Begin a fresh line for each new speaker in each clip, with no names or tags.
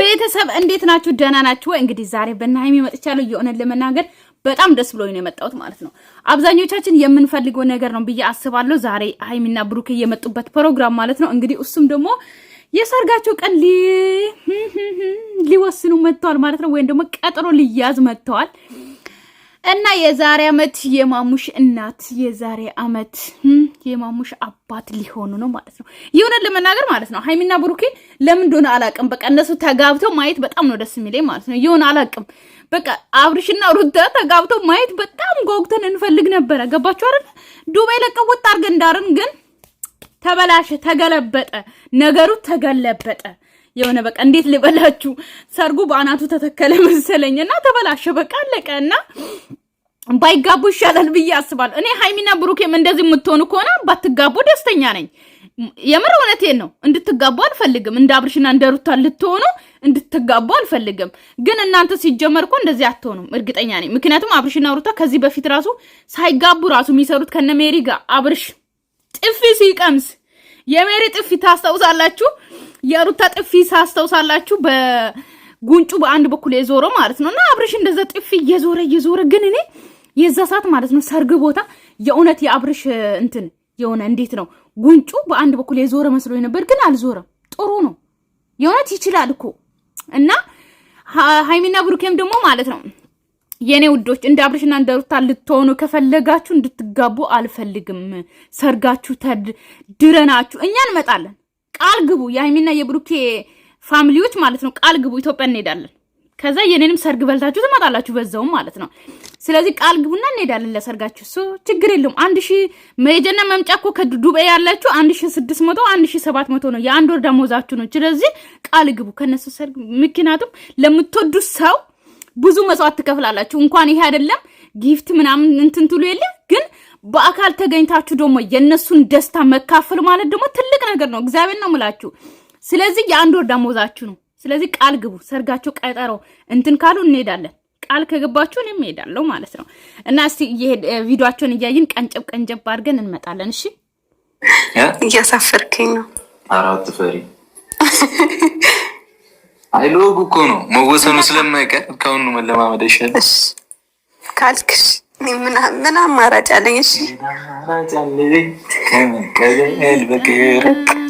ቤተሰብ እንዴት ናችሁ? ደህና ናችሁ ወይ? እንግዲህ ዛሬ በእነ ሀይሚ መጥቻለሁ። የሆነን ለመናገር በጣም ደስ ብሎኝ ነው የመጣሁት ማለት ነው። አብዛኞቻችን የምንፈልገው ነገር ነው ብዬ አስባለሁ። ዛሬ ሀይሚና ብሩኬ የመጡበት ፕሮግራም ማለት ነው። እንግዲህ እሱም ደግሞ የሰርጋቸው ቀን ሊወስኑ መጥተዋል ማለት ነው። ወይም ደግሞ ቀጠሮ ሊያዝ መጥተዋል እና የዛሬ አመት የማሙሽ እናት የዛሬ አመት የማሙሽ አባት ሊሆኑ ነው ማለት ነው። የሆነ ለመናገር ማለት ነው ሀይሚና ብሩኬ ለምን እንደሆነ አላቅም። በቃ እነሱ ተጋብተው ማየት በጣም ነው ደስ የሚለኝ ማለት ነው። የሆነ አላቅም። በቃ አብርሽና ሩታ ተጋብተው ማየት በጣም ጓጉተን እንፈልግ ነበረ። ገባችሁ አይደል? ዱባይ ለቀው ወጥ አድርገን ዳርን፣ ግን ተበላሸ፣ ተገለበጠ፣ ነገሩ ተገለበጠ። የሆነ በቃ እንዴት ልበላችሁ፣ ሰርጉ በአናቱ ተተከለ መሰለኝ እና ተበላሸ። በቃ አለቀ እና ባይጋቡ ይሻላል ብዬ አስባለሁ። እኔ ሀይሚና ብሩኬም እንደዚህ የምትሆኑ ከሆነ ባትጋቡ ደስተኛ ነኝ። የምር እውነቴን ነው። እንድትጋቡ አልፈልግም። እንደ አብርሽና እንደ ሩታ ልትሆኑ እንድትጋቡ አልፈልግም። ግን እናንተ ሲጀመር እኮ እንደዚህ አትሆኑም፣ እርግጠኛ ነኝ። ምክንያቱም አብርሽና ሩታ ከዚህ በፊት ራሱ ሳይጋቡ ራሱ የሚሰሩት ከነ ሜሪ ጋር አብርሽ ጥፊ ሲቀምስ የሜሪ ጥፊ ታስታውሳላችሁ፣ የሩታ ጥፊ ታስታውሳላችሁ። በጉንጩ በአንድ በኩል የዞረ ማለት ነው እና አብርሽ እንደዛ ጥፊ እየዞረ እየዞረ ግን እኔ የዛ ሰዓት ማለት ነው ሰርግ ቦታ የእውነት የአብርሽ እንትን የሆነ እንዴት ነው ጉንጩ በአንድ በኩል የዞረ መስሎ ነበር፣ ግን አልዞረም። ጥሩ ነው የእውነት ይችላል እኮ እና ሀይሚና ብሩኬም ደግሞ ማለት ነው የእኔ ውዶች እንደ አብርሽና እንደ ሩታ ልትሆኑ ከፈለጋችሁ እንድትጋቡ አልፈልግም። ሰርጋችሁ ተድረናችሁ እኛ እንመጣለን። ቃል ግቡ። የሀይሚና የብሩኬ ፋሚሊዎች ማለት ነው ቃል ግቡ። ኢትዮጵያ እንሄዳለን ከዛ የኔንም ሰርግ በልታችሁ ትመጣላችሁ በዛውም ማለት ነው። ስለዚህ ቃል ግቡና እንሄዳለን ለሰርጋችሁ። እሱ ችግር የለውም። አንድ ሺ መሄጃና መምጫ እኮ ከዱባይ ያላችሁ አንድ ሺ ስድስት መቶ አንድ ሺ ሰባት መቶ ነው የአንድ ወር ደሞዛችሁ ነው። ስለዚህ ቃል ግቡ ከነሱ ሰርግ። ምክንያቱም ለምትወዱት ሰው ብዙ መስዋዕት ትከፍላላችሁ። እንኳን ይሄ አይደለም ጊፍት ምናምን እንትን ትሉ የለ ግን በአካል ተገኝታችሁ ደግሞ የእነሱን ደስታ መካፈል ማለት ደግሞ ትልቅ ነገር ነው። እግዚአብሔር ነው ምላችሁ። ስለዚህ የአንድ ወር ደሞዛችሁ ነው። ስለዚህ ቃል ግቡ። ሰርጋቸው ቀጠሮ እንትን ካሉ እንሄዳለን። ቃል ከገባችሁ እኔም እሄዳለሁ ማለት ነው። እና እስቲ ቪዲዮቸውን እያይን ቀንጨብ ቀንጨብ አድርገን እንመጣለን። እሺ፣
እያሳፈርከኝ ነው።
አራት ፈሪ አይሎግ እኮ ነው መወሰኑ ስለማይቀር ከሁኑ መለማመድ ይሻል
ካልክሽ ምን አማራጭ አለኝ? እሺ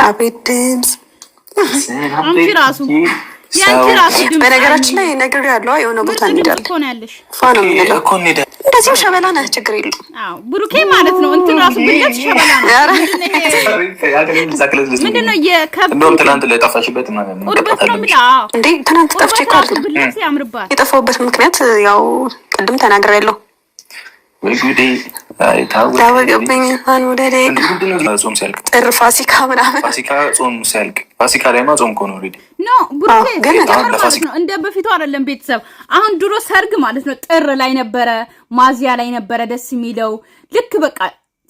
አቤት ድምፅ በነገራችን ላይ ነገር ያለው የሆነ ቦታ እንሄዳለን እንደዚሁ ሸበላ ነህ፣ ችግር የለም
ብሩኬ ማለት ነው። እንትን ራሱ ብለት ሸበላ
ነው ትናንት ጠፍቼ እኮ
አይደለም።
የጠፋሁበት ምክንያት ያው ቅድም ተናግሬያለሁ። ታወቀብኝ እንኳን ጥር ፋሲካ ምናምን
ፋሲካ ጾም ሲያልቅ ፋሲካ ላይማ ጾም ከሆነ ኦልሬዲ
ኖ እንደ በፊቱ አይደለም። ቤተሰብ አሁን ድሮ ሰርግ ማለት ነው ጥር ላይ ነበረ፣ ማዚያ ላይ ነበረ ደስ የሚለው ልክ በቃ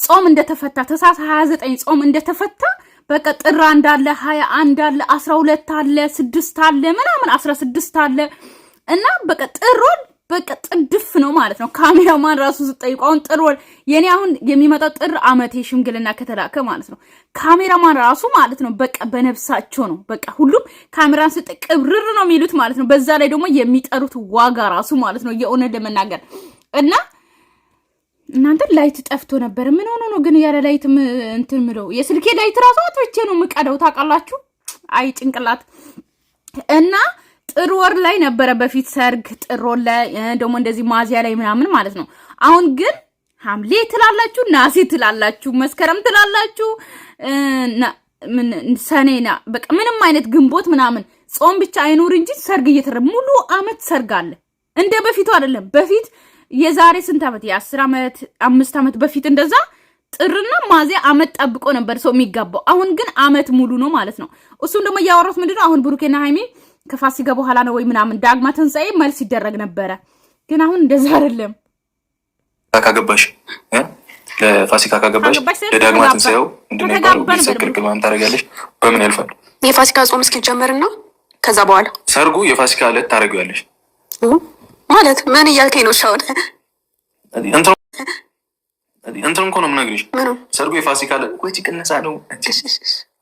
ጾም እንደተፈታ ተሳሳ ሀያ ዘጠኝ ጾም እንደተፈታ በቃ ጥር አንድ አለ ሀያ አንድ አለ አስራ ሁለት አለ ስድስት አለ ምናምን አስራ ስድስት አለ እና በቃ ጥሩን በቃ ጥድፍ ነው ማለት ነው። ካሜራማን ራሱ ስጠይቁ አሁን ጥር ወር የኔ አሁን የሚመጣው ጥር አመት ሽምግልና ከተላከ ማለት ነው። ካሜራማን ራሱ ማለት ነው በቃ በነፍሳቸው ነው። በቃ ሁሉም ካሜራን ስጥ ቅብርር ነው የሚሉት ማለት ነው። በዛ ላይ ደግሞ የሚጠሩት ዋጋ ራሱ ማለት ነው። የእውነት ለመናገር እና እናንተ ላይት ጠፍቶ ነበር። ምን ሆኖ ነው ግን ያለ ላይት እንትን ምለው የስልኬ ላይት ራሱ አጥቼ ነው የምቀደው ታውቃላችሁ። አይ ጭንቅላት እና ጥር ወር ላይ ነበረ በፊት ሰርግ ጥር ወር ላይ ደግሞ እንደዚህ ማዚያ ላይ ምናምን ማለት ነው። አሁን ግን ሐምሌ ትላላችሁ፣ ናሴ ትላላችሁ፣ መስከረም ትላላችሁ፣ ሰኔና በቃ ምንም አይነት ግንቦት ምናምን ጾም ብቻ አይኖር እንጂ ሰርግ እየተረ ሙሉ አመት ሰርግ አለ። እንደ በፊቱ አይደለም። በፊት የዛሬ ስንት ዓመት የአስር ዓመት አምስት ዓመት በፊት እንደዛ ጥርና ማዚያ አመት ጠብቆ ነበር ሰው የሚጋባው። አሁን ግን አመት ሙሉ ነው ማለት ነው። እሱም ደግሞ እያወራሁት ምንድነው አሁን ብሩኬና ሃይሜ? ከፋሲካ በኋላ ነው ወይ ምናምን ዳግማ ትንሣኤ መልስ ይደረግ ነበረ። ግን አሁን እንደዛ አይደለም።
ካገባሽ ለፋሲካ ካገባሽ ለዳግማ ትንሣኤው እንደሚባለው ግልግል ምናምን ታደርጊያለሽ። በምን ያልፋል
የፋሲካ ጾም እስኪጀመርና ከዛ በኋላ
ሰርጉ የፋሲካ ዕለት ታደርጊያለሽ
ማለት ምን እያልከኝ ነው? ሻወደ
እንትን እኮ ነው የምነግርሽ። ሰርጉ የፋሲካ ዕለት ቆይ ቅነሳ ነው።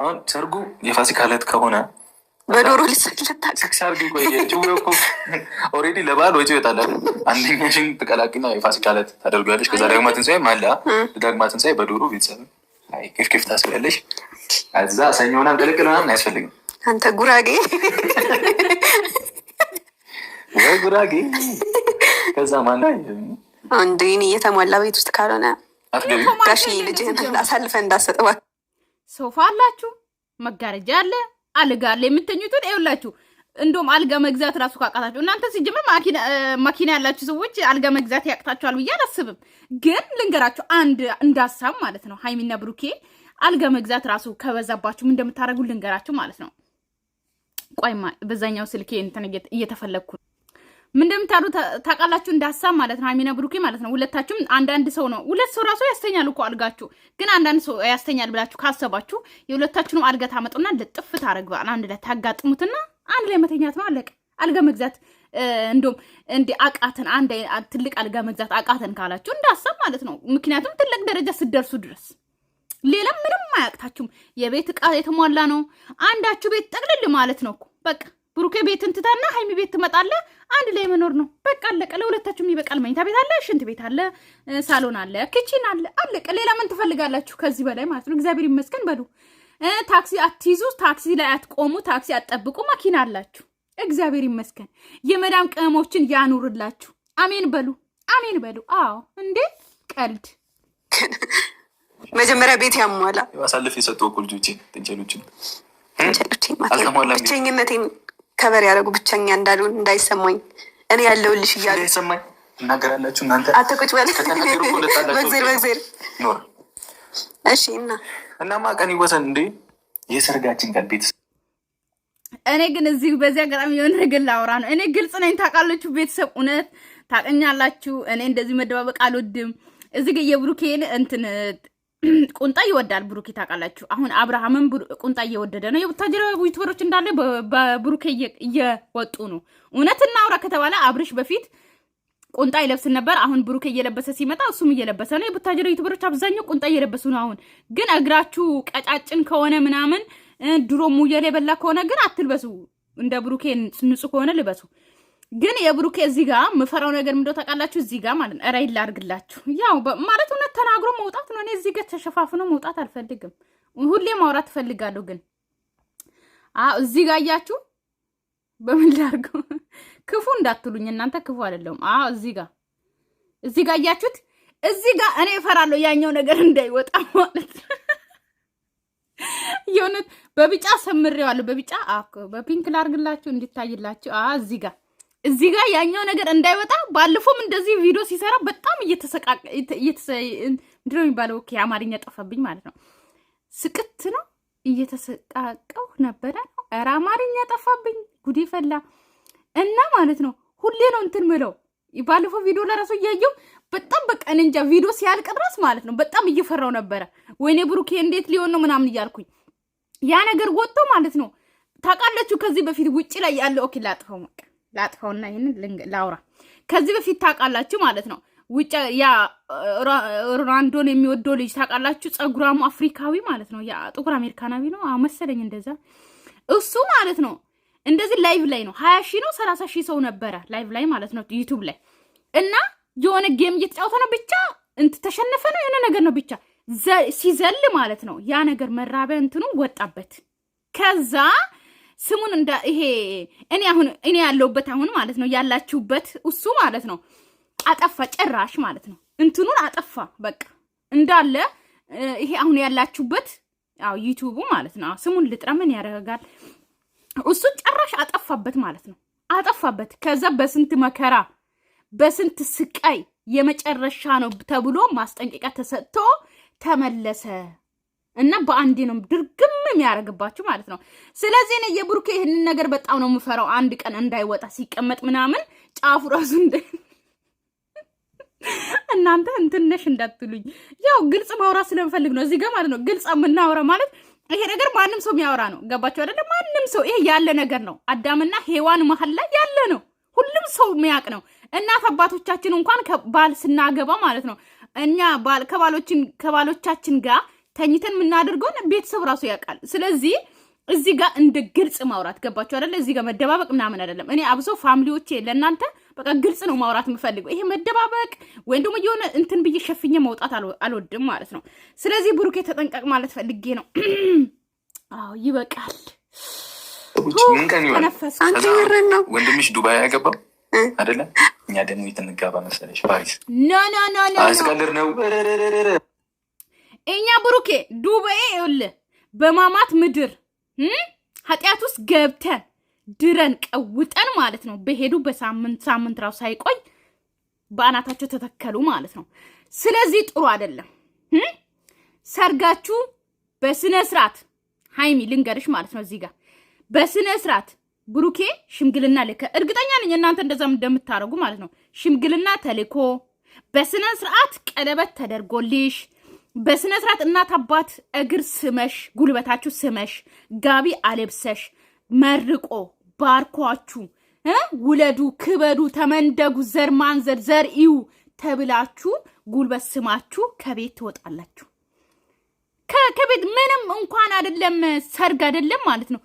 አሁን ሰርጉ የፋሲካ ዕለት ከሆነ በዶሮ ኦልሬዲ ለበዓል ወጪ ይወጣል። አንደኛሽን ትቀላቅና የፋሲካ ዕለት ታደርጊያለሽ። ከዛ ዳግማ ትንሣኤ ማላ ዳግማ ትንሣኤ በዶሮ ቤተሰብ ክፍክፍ ታስቢያለሽ። እዛ ሰኞ ምናምን ቅልቅል ምናምን አያስፈልግም። አንተ ጉራጌ ወይ ጉራጌ። ከዛ ማና
እንዲህን እየተሟላ ቤት ውስጥ ካልሆነ ጋሽ ልጅህን አሳልፈ እንዳሰጠባ
ሶፋ አላችሁ መጋረጃ አለ አልጋ አለ የምተኙትን ይኸውላችሁ። እንደውም አልጋ መግዛት ራሱ ካቃታችሁ እናንተ ሲጀምር መኪና ያላችሁ ሰዎች አልጋ መግዛት ያቅታችኋል ብዬ አላስብም። ግን ልንገራችሁ አንድ እንዳሳብ ማለት ነው ሀይሚና ብሩኬ አልጋ መግዛት ራሱ ከበዛባችሁ እንደምታደርጉ ልንገራችሁ ማለት ነው። ቆይማ በዛኛው ስልኬ እንትን እየተፈለግኩ ምን እንደምታሉ ታውቃላችሁ። እንዳሳብ ማለት ነው ሀይሚና ብሩኬ ማለት ነው። ሁለታችሁም አንዳንድ ሰው ነው ሁለት ሰው ራሱ ያስተኛል እኮ አልጋችሁ። ግን አንዳንድ ሰው ያስተኛል ብላችሁ ካሰባችሁ የሁለታችሁንም አልጋ ታመጡና ልጥፍ ታረግባል አንድ ላይ ታጋጥሙትና አንድ ላይ መተኛት ነው አለቀ። አልጋ መግዛት እንዲሁም እንዲ አቃተን አንድ ትልቅ አልጋ መግዛት አቃተን ካላችሁ እንዳሳብ ማለት ነው። ምክንያቱም ትልቅ ደረጃ ስደርሱ ድረስ ሌላም ምንም አያቅታችሁም። የቤት ዕቃ የተሟላ ነው። አንዳችሁ ቤት ጠቅልል ማለት ነው እኮ በቃ ብሩኬ ቤት እንትታና ሀይሚ ቤት ትመጣለ። አንድ ላይ መኖር ነው በቃ አለቀ። ለሁለታችሁም ይበቃል። መኝታ ቤት አለ፣ ሽንት ቤት አለ፣ ሳሎን አለ፣ ክቺን አለ፣ አለቀ። ሌላ ምን ትፈልጋላችሁ ከዚህ በላይ ማለት ነው? እግዚአብሔር ይመስገን በሉ። ታክሲ አትይዙ፣ ታክሲ ላይ አትቆሙ፣ ታክሲ አትጠብቁ፣ መኪና አላችሁ። እግዚአብሔር ይመስገን። የመዳም ቅመሞችን ያኑርላችሁ። አሜን በሉ፣ አሜን በሉ። አዎ እንዴ ቀልድ
መጀመሪያ ቤት ያሟላ
አሳልፍ የሰጡ እኮ ልጆቼ ጥንቸሎችን
ከበር ያደረጉ ብቸኛ እንዳሉ እንዳይሰማኝ እኔ ያለሁልሽ እያሉ
ይሰማኝ እናገራላችሁ። እናንተ
በል እሺ። እና
እናማ ቀን ይወሰን እንዴ የሰርጋችን ቀን ቤተሰብ
እኔ ግን እዚህ በዚህ አጋጣሚ የሆነ ነገር ላውራ ነው። እኔ ግልጽ ነኝ ታውቃላችሁ። ቤተሰብ እውነት ታቀኛላችሁ እኔ እንደዚህ መደባበቅ አልወድም። እዚህ ግን የብሩኬን እንትን ቁንጣ ይወዳል ብሩኬ ታውቃላችሁ። አሁን አብርሃምን ቁንጣ እየወደደ ነው። የቡታጀራ ዩቱበሮች እንዳለ በብሩኬ እየወጡ ነው። እውነት እናውራ ከተባለ አብርሽ በፊት ቁንጣ ይለብስ ነበር። አሁን ብሩኬ እየለበሰ ሲመጣ እሱም እየለበሰ ነው። የቡታጀራ ዩቱበሮች አብዛኛው ቁንጣ እየለበሱ ነው። አሁን ግን እግራችሁ ቀጫጭን ከሆነ ምናምን ድሮ ሙየል የበላ ከሆነ ግን አትልበሱ። እንደ ብሩኬ ንጹህ ከሆነ ልበሱ። ግን የብሩኬ እዚህ ጋ ምፈራው ነገር ምንድነው ታውቃላችሁ? እዚህ ጋ ማለት ነው ራይል ላድርግላችሁ። ያው ማለት እውነት ተናግሮ መውጣት ነው። እኔ እዚህ ጋ ተሸፋፍኖ መውጣት አልፈልግም። ሁሌ ማውራት እፈልጋለሁ። ግን እዚህ ጋ እያችሁ በምን ላድርገው ክፉ እንዳትሉኝ እናንተ ክፉ አይደለም። አዎ እዚህ ጋር እዚህ ጋር እያችሁት እዚህ ጋ እኔ እፈራለሁ ያኛው ነገር እንዳይወጣ ማለት ነው። የእውነት በቢጫ ሰምሬዋለሁ። በቢጫ በፒንክ ላድርግላችሁ እንዲታይላችሁ እዚህ ጋር እዚህ ጋር ያኛው ነገር እንዳይወጣ ባለፈውም እንደዚህ ቪዲዮ ሲሰራ በጣም ምንድነው የሚባለው? ኦኬ አማርኛ ጠፋብኝ ማለት ነው። ስቅት ነው እየተሰቃቀው ነበረ። ኧረ አማርኛ ጠፋብኝ፣ ጉዴ ፈላ እና ማለት ነው። ሁሌ ነው እንትን ምለው ባለፈው ቪዲዮ ለራሱ እያየው በጣም በቃ እኔ እንጃ ቪዲዮ ሲያልቅ ድረስ ማለት ነው በጣም እየፈራው ነበረ። ወይኔ ብሩኬ እንዴት ሊሆን ነው ምናምን እያልኩኝ ያ ነገር ወጥቶ ማለት ነው ታውቃለችሁ። ከዚህ በፊት ውጭ ላይ ያለ ኦኬ ላጥፈው በቃ ላጥፋውና ይህንን ላውራ። ከዚህ በፊት ታውቃላችሁ ማለት ነው ውጭ ያ ሮናልዶን የሚወደው ልጅ ታውቃላችሁ፣ ጸጉራሙ አፍሪካዊ ማለት ነው። ያ ጥቁር አሜሪካናዊ ነው መሰለኝ እንደዛ። እሱ ማለት ነው እንደዚህ ላይቭ ላይ ነው ሀያ ሺህ ነው ሰላሳ ሺህ ሰው ነበረ ላይቭ ላይ ማለት ነው ዩቱብ ላይ እና የሆነ ጌም እየተጫወተ ነው ብቻ እንት ተሸነፈ ነው የሆነ ነገር ነው ብቻ ሲዘል ማለት ነው ያ ነገር መራቢያ እንትኑ ወጣበት ከዛ ስሙን እንደ ይሄ እኔ አሁን እኔ ያለሁበት አሁን ማለት ነው ያላችሁበት እሱ ማለት ነው አጠፋ ጭራሽ ማለት ነው እንትኑን አጠፋ በቃ እንዳለ ይሄ አሁን ያላችሁበት አዎ ዩቲዩቡ ማለት ነው ስሙን ልጥራ ምን ያደርጋል እሱ ጭራሽ አጠፋበት ማለት ነው አጠፋበት ከዛ በስንት መከራ በስንት ስቃይ የመጨረሻ ነው ተብሎ ማስጠንቀቂያ ተሰጥቶ ተመለሰ እና በአንዴ ነው ድርግም የሚያደርግባችሁ ማለት ነው። ስለዚህ እኔ የብሩኬ ይህንን ነገር በጣም ነው የምፈራው። አንድ ቀን እንዳይወጣ ሲቀመጥ ምናምን ጫፉ ራሱ እንደ እናንተ እንትነሽ እንዳትሉኝ፣ ያው ግልጽ ማውራ ስለምፈልግ ነው እዚህ ጋር ማለት ነው። ግልጽ የምናወራ ማለት ይሄ ነገር ማንም ሰው የሚያወራ ነው። ገባችሁ አይደለ? ማንም ሰው ይሄ ያለ ነገር ነው። አዳምና ሔዋን መሀል ላይ ያለ ነው። ሁሉም ሰው የሚያውቅ ነው። እናት አባቶቻችን እንኳን ባል ስናገባ ማለት ነው እኛ ከባሎቻችን ጋር ተኝተን የምናደርገውን ቤተሰብ ራሱ ያውቃል። ስለዚህ እዚህ ጋር እንደ ግልጽ ማውራት ገባችሁ አይደለ? እዚህ ጋር መደባበቅ ምናምን አይደለም። እኔ አብሶ ፋሚሊዎቼ ለእናንተ በቃ ግልጽ ነው ማውራት የምፈልገው። ይሄ መደባበቅ ወይም ደግሞ የሆነ እንትን ብዬ ሸፍኜ መውጣት አልወድም ማለት ነው። ስለዚህ ብሩኬ ተጠንቀቅ ማለት ፈልጌ ነው። አዎ ይበቃል።
ወንድምሽ ዱባይ አያገባም አይደለም። እኛ ደግሞ የትንጋባ እንጋባ መሰለሽ? ፓሪስ ኖ ኖ ኖ ኖ አስቀልር ነው
እኛ ብሩኬ ዱበኤ ይውል በማማት ምድር ኃጢአት ውስጥ ገብተን ድረን ቀውጠን ማለት ነው። በሄዱ በሳምንት ሳምንት ራሱ ሳይቆይ በአናታቸው ተተከሉ ማለት ነው። ስለዚህ ጥሩ አይደለም። ሰርጋችሁ በስነ ስርዓት ሀይሚ ልንገርሽ ማለት ነው። እዚህ ጋር በስነ ስርዓት ብሩኬ ሽምግልና ልከ እርግጠኛ ነኝ እናንተ እንደዛም እንደምታደርጉ ማለት ነው። ሽምግልና ተልኮ በስነ ስርዓት ቀለበት ተደርጎልሽ በስነ ስርዓት እናት አባት እግር ስመሽ ጉልበታችሁ ስመሽ ጋቢ አለብሰሽ መርቆ ባርኳችሁ ውለዱ፣ ክበዱ፣ ተመንደጉ፣ ዘር ማንዘር ዘር እዩ ተብላችሁ ጉልበት ስማችሁ ከቤት ትወጣላችሁ። ከቤት ምንም እንኳን አይደለም ሰርግ አይደለም ማለት ነው።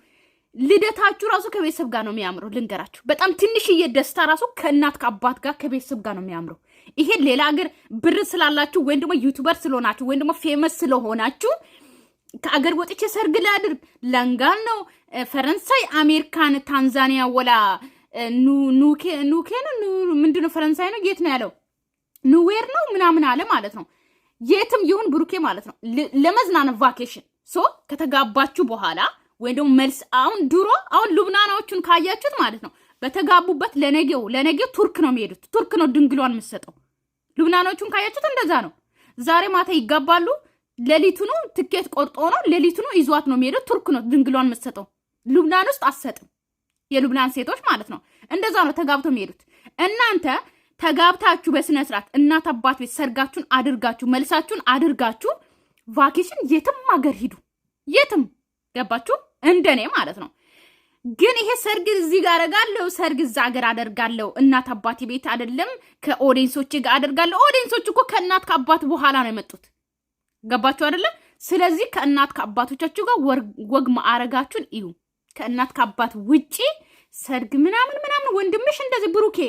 ልደታችሁ ራሱ ከቤተሰብ ጋር ነው የሚያምረው። ልንገራችሁ፣ በጣም ትንሽዬ ደስታ ራሱ ከእናት ከአባት ጋር ከቤተሰብ ጋር ነው የሚያምረው። ይሄን ሌላ ሀገር ብር ስላላችሁ ወይም ደግሞ ዩቱበር ስለሆናችሁ ወይም ደግሞ ፌመስ ስለሆናችሁ ከአገር ወጥቼ ሰርግ ላድርግ ለንጋል ነው ፈረንሳይ፣ አሜሪካን፣ ታንዛኒያ ወላ ኑኬ ነው ምንድነው ፈረንሳይ ነው የት ነው ያለው ኑዌር ነው ምናምን አለ ማለት ነው። የትም ይሁን ብሩኬ ማለት ነው ለመዝናነት ቫኬሽን ሶ ከተጋባችሁ በኋላ ወይም ደግሞ መልስ አሁን ድሮ አሁን ሉብናናዎቹን ካያችሁት ማለት ነው በተጋቡበት ለነጌው ለነጌው ቱርክ ነው የሚሄዱት። ቱርክ ነው ድንግሏን የምትሰጠው። ሉብናኖቹን ካያችሁት እንደዛ ነው። ዛሬ ማታ ይጋባሉ። ሌሊቱኑ ትኬት ቆርጦ ነው ሌሊቱኑ ይዟት ነው የሚሄዱት። ቱርክ ነው ድንግሏን የምትሰጠው። ሉብናን ውስጥ አትሰጥም። የሉብናን ሴቶች ማለት ነው። እንደዛ ነው ተጋብተው የሚሄዱት። እናንተ ተጋብታችሁ በስነ ስርዓት እናት አባት ቤት ሰርጋችሁን አድርጋችሁ መልሳችሁን አድርጋችሁ ቫኬሽን የትም አገር ሂዱ። የትም ገባችሁ እንደኔ ማለት ነው። ግን ይሄ ሰርግ እዚህ ጋር አደርጋለሁ፣ ሰርግ እዛ ሀገር አደርጋለሁ፣ እናት አባቴ ቤት አይደለም ከኦዲንሶች ጋር አደርጋለሁ። ኦዲንሶች እኮ ከእናት ከአባት በኋላ ነው የመጡት። ገባችሁ አይደለም? ስለዚህ ከእናት ከአባቶቻችሁ ጋር ወግ ማዕረጋችሁን እዩ። ከእናት ከአባት ውጪ ሰርግ ምናምን ምናምን ወንድምሽ እንደዚህ ብሩኬ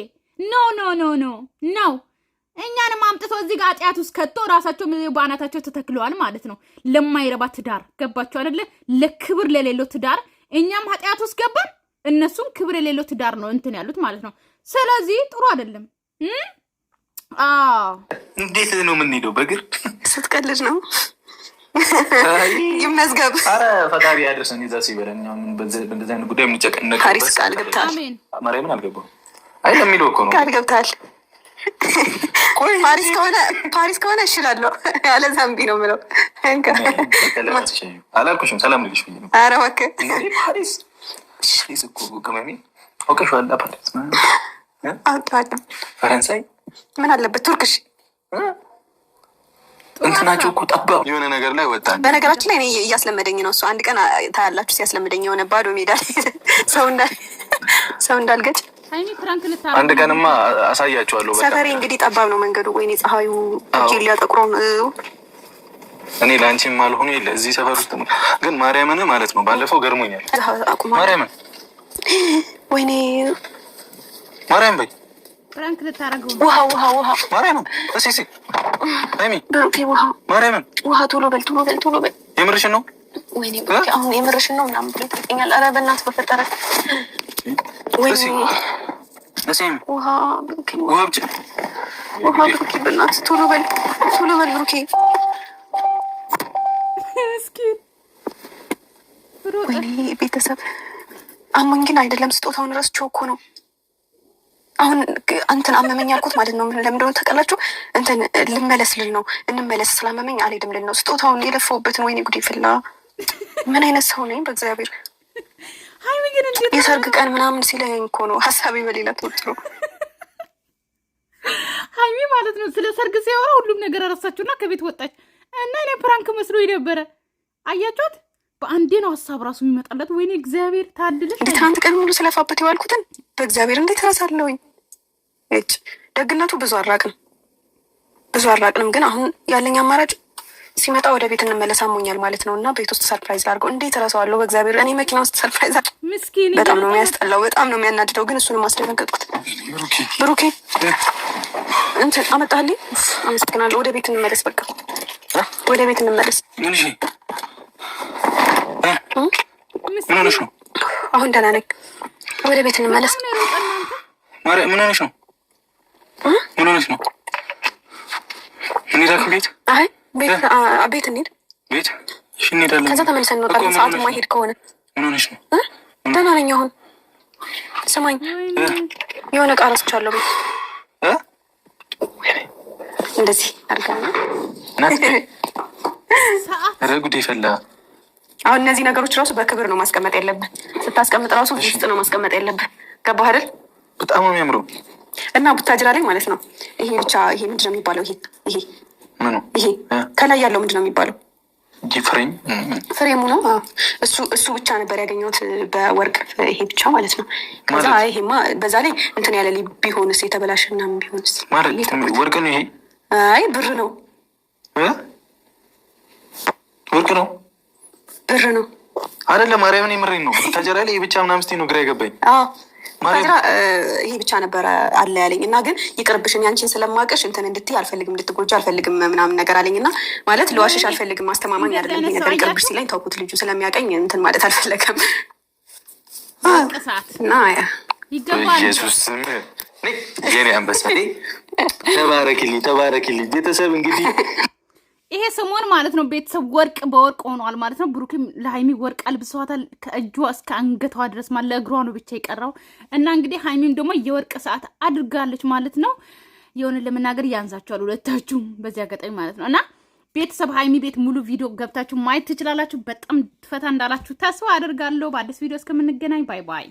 ኖ ኖ ኖ ኖ ነው እኛንም አምጥቶ እዚህ ጋር አጢአት ውስጥ ከቶ ራሳቸው በአናታቸው ተተክለዋል ማለት ነው። ለማይረባ ትዳር ገባቸው አደለ? ለክብር ለሌለው ትዳር እኛም ኃጢአት ውስጥ ገባን። እነሱም ክብር የሌለው ትዳር ነው እንትን ያሉት ማለት ነው። ስለዚህ ጥሩ አይደለም።
እንዴት ነው የምንሄደው? በእግር
ስትቀልድ ነው። ይመዝገብ።
ኧረ ፈጣሪ ያደርሰን። የዛ ሲበለን በእንደዚህ አይነት ጉዳይ የምንጨቀነቅ
ሪስ ቃል ገብታል።
ማርያምን አልገባሁም። አይ ለሚለው እኮ ነው
ቃል ገብታል። ፓሪስ ከሆነ ፓሪስ ከሆነ እሽላለሁ፣ ያለ ዛምቢ ነው ምለው
አላልኩሽም ሰላም ልጅ ኧረ እባክህ ፈረንሳይ
ምን አለበት ቱርክሽ
እንትናቸው እኮ ጠባብ
የሆነ ነገር ላይ ወጣ። በነገራችን ላይ እኔ እያስለመደኝ ነው እሱ። አንድ ቀን ታያላችሁ ሲያስለመደኝ የሆነ ባዶ ሜዳ ሰው እንዳልገጭ
አንድ ቀንማ አሳያችኋለሁ።
ሰፈሬ እንግዲህ ጠባብ ነው መንገዱ። ወይኔ ፀሐዩ ሊያጠቁረን።
እኔ ለአንቺም ማልሆኑ የለ እዚህ ሰፈር ውስጥ ግን ማርያምን ማለት ነው። ባለፈው ገርሞኛል።
ማርያምን ወይኔ
ማርያም በይ
ፍራንክ ልታረገው
ውሃ ውሃ ውሃ
ማርያምን እሺ፣ ብሩኬ ውሃ ማርያምን
ውሃ ቶሎ በል ቶሎ በል ቶሎ በል። የምርሽን ነው ወይኔ ብሩኬ፣ አሁን የምርሽን ነው ምናምን ብሎ ኧረ በእናትህ በፈጠረ ቤተሰብ አሞኝ ግን አይደለም፣ ስጦታውን ረስቼው እኮ ነው። አሁን እንትን አመመኝ አልኩት ማለት ነው። ምን ታውቃላችሁ? እንትን ልመለስ ልል ነው እንመለስ ስላመመኝ አልሄድም ልል ነው። ስጦታውን የለፈውበትን ወይኔ ጉዴ ፍላ ምን አይነት ሰው ነኝ በእግዚአብሔር የሰርግ ቀን ምናምን ሲለኝ እኮ ነው ሀሳቤ በሌላ ተወጥሮ
ሀይሚ ማለት ነው። ስለ ሰርግ ሲያወራ ሁሉም ነገር አረሳችሁና ከቤት ወጣች እና እኔ ፕራንክ መስሎ ነበረ። አያችሁት? በአንዴ ነው ሀሳብ ራሱ የሚመጣለት። ወይኔ እግዚአብሔር ታድለሽ።
ትናንት ቀን ሙሉ ስለፋበት የዋልኩትን በእግዚአብሔር እንዴት ረሳለሁኝ። ደግነቱ ብዙ አራቅም ብዙ አራቅንም፣ ግን አሁን ያለኝ አማራጭ ሲመጣ ወደ ቤት እንመለስ አሞኛል ማለት ነው እና ቤት ውስጥ ሰርፕራይዝ አድርገው እንዴት እረሳዋለሁ? በእግዚአብሔር እኔ መኪና ውስጥ ሰርፕራይዝ ምስኪን፣ በጣም ነው የሚያስጠላው፣ በጣም ነው የሚያናድደው። ግን እሱንም አስደነገጥኩት። ብሩኬ እንትን አመጣልኝ። አመሰግናለሁ። ወደ ቤት እንመለስ፣ በቃ ወደ ቤት እንመለስ። ምን ሆነሽ ነው? አሁን ደህና ነኝ። ወደ ቤት እንመለስ።
ማርያም ምን ሆነሽ ነው? ምን ሆነሽ ነው? እንሂድ ቤት።
አይ ቤት እንሂድ፣
ቤት እንሄዳለን።
ከዛ ተመልሰን እንወጣለን። ሰዓት ማሄድ ከሆነ ደህና ነኝ። አሁን ስማኝ፣ የሆነ ዕቃ ረስቻለሁ ቤት እንደዚህ አድርጋና
ኧረ ጉዴ ፈላ።
አሁን እነዚህ ነገሮች ራሱ በክብር ነው ማስቀመጥ ያለብን። ስታስቀምጥ ራሱ ውስጥ ነው ማስቀመጥ ያለብን። ገባህ አይደል?
በጣም ነው የሚያምረው።
እና ቡታጅራ ላይ ማለት ነው ይሄ ብቻ ይሄ ምንድን ነው የሚባለው ይሄ ይሄ ከላይ ያለው ምንድን ነው የሚባለው? ፍሬም ፍሬሙ ነው። እሱ እሱ ብቻ ነበር ያገኘሁት በወርቅ ይሄ ብቻ ማለት ነው። ከዛ ይሄማ በዛ ላይ እንትን ያለ ቢሆንስ የተበላሸ ምናምን ቢሆንስ? ወርቅ ነው ይሄ? አይ ብር ነው። ወርቅ ነው ብር ነው
አይደለ? ማርያምን የምሬን ነው። ተጀራ ላይ ብቻ ምናምስቴ ነው ግራ የገባኝ።
ከዛ ይሄ ብቻ ነበረ አለ ያለኝ እና ግን ይቅርብሽን ያንቺን ስለማቀሽ እንትን እንድትይ አልፈልግም እንድትጎጂ አልፈልግም ምናምን ነገር አለኝ እና ማለት ልዋሽሽ አልፈልግም ማስተማማኝ አይደለም ይሄ ነገር ይቅርብሽ ሲለኝ ተውኩት። ልጁ ስለሚያቀኝ እንትን ማለት አልፈለገም
እና ኢየሱስ የኔ አንበሳ ተባረክልኝ፣ ተባረክልኝ ቤተሰብ እንግዲህ
ይሄ ሰሞን ማለት ነው ቤተሰብ ወርቅ በወርቅ ሆኗል ማለት ነው። ብሩክም ለሀይሚ ወርቅ አልብሰዋታል ከእጇ እስከ አንገቷ ድረስ ማለት ለእግሯ ነው ብቻ የቀረው እና እንግዲህ ሀይሚም ደግሞ የወርቅ ሰዓት አድርጋለች ማለት ነው። የሆነ ለመናገር ያንሳችኋል ሁለታችሁም በዚህ አጋጣሚ ማለት ነው እና ቤተሰብ ሀይሚ ቤት ሙሉ ቪዲዮ ገብታችሁ ማየት ትችላላችሁ። በጣም ፈታ እንዳላችሁ ተስፋ አድርጋለሁ። በአዲስ ቪዲዮ እስከምንገናኝ ባይ ባይ።